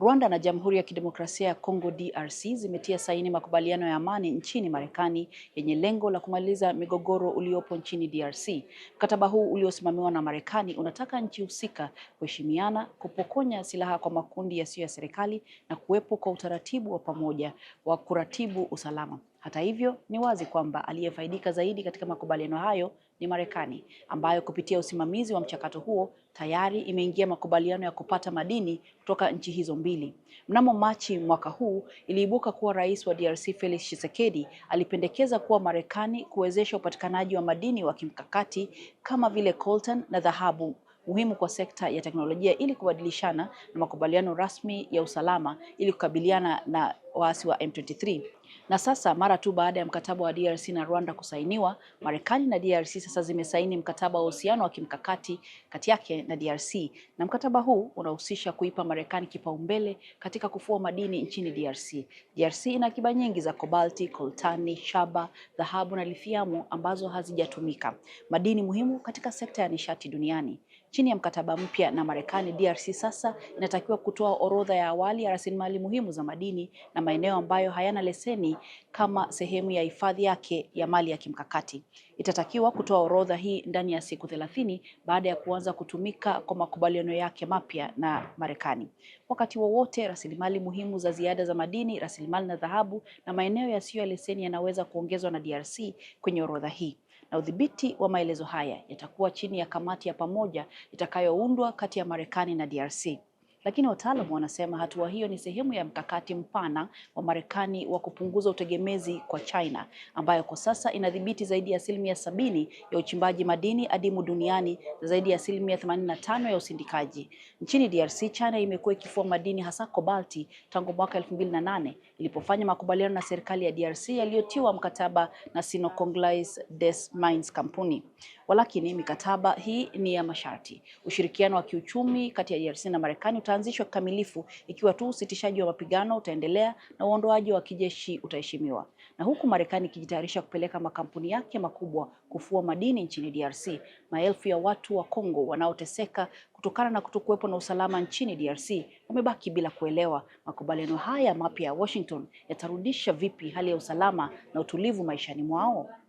Rwanda na Jamhuri ya Kidemokrasia ya Kongo DRC zimetia saini makubaliano ya amani nchini Marekani yenye lengo la kumaliza migogoro uliopo nchini DRC. Mkataba huu uliosimamiwa na Marekani unataka nchi husika kuheshimiana, kupokonya silaha kwa makundi yasiyo ya serikali na kuwepo kwa utaratibu wa pamoja wa kuratibu usalama. Hata hivyo, ni wazi kwamba aliyefaidika zaidi katika makubaliano hayo ni Marekani ambayo kupitia usimamizi wa mchakato huo tayari imeingia makubaliano ya kupata madini kutoka nchi hizo mbili. Mnamo Machi mwaka huu iliibuka kuwa Rais wa DRC Felix Tshisekedi alipendekeza kuwa Marekani kuwezesha upatikanaji wa madini wa kimkakati kama vile coltan na dhahabu muhimu kwa sekta ya teknolojia ili kubadilishana na makubaliano rasmi ya usalama ili kukabiliana na waasi wa M23. Na sasa mara tu baada ya mkataba wa DRC na Rwanda kusainiwa, Marekani na DRC sasa zimesaini mkataba wa uhusiano wa kimkakati kati yake na DRC, na mkataba huu unahusisha kuipa Marekani kipaumbele katika kufua madini nchini DRC. DRC ina akiba nyingi za kobalti, koltani, shaba, dhahabu na lithiamu ambazo hazijatumika, madini muhimu katika sekta ya nishati duniani. Chini ya mkataba mpya na Marekani, DRC sasa inatakiwa kutoa orodha ya awali ya rasilimali muhimu za madini na na maeneo ambayo hayana leseni kama sehemu ya hifadhi yake ya mali ya kimkakati. Itatakiwa kutoa orodha hii ndani ya siku thelathini baada ya kuanza kutumika kwa makubaliano yake mapya na Marekani. Wakati wowote wa rasilimali muhimu za ziada za madini, rasilimali na dhahabu na maeneo yasiyo ya leseni yanaweza kuongezwa na DRC kwenye orodha hii na udhibiti wa maelezo haya yatakuwa chini ya kamati ya pamoja itakayoundwa kati ya Marekani na DRC lakini wataalamu wanasema hatua hiyo ni sehemu ya mkakati mpana wa Marekani wa kupunguza utegemezi kwa China ambayo kwa sasa inadhibiti zaidi ya asilimia sabini ya uchimbaji madini adimu duniani na zaidi ya asilimia 85 ya usindikaji. Nchini DRC, China imekuwa ikifua madini hasa kobalti tangu mwaka 2008 ilipofanya makubaliano na serikali ya DRC yaliyotiwa mkataba na Sinoconglais des Mines kampuni. Walakini mikataba hii ni ya masharti. Ushirikiano wa kiuchumi kati ya DRC na Marekani utaanzishwa kikamilifu ikiwa tu usitishaji wa mapigano utaendelea na uondoaji wa kijeshi utaheshimiwa. Na huku Marekani ikijitayarisha kupeleka makampuni yake makubwa kufua madini nchini DRC, maelfu ya watu wa Kongo wanaoteseka kutokana na kutokuwepo na usalama nchini DRC wamebaki bila kuelewa makubaliano haya mapya ya Washington yatarudisha vipi hali ya usalama na utulivu maishani mwao.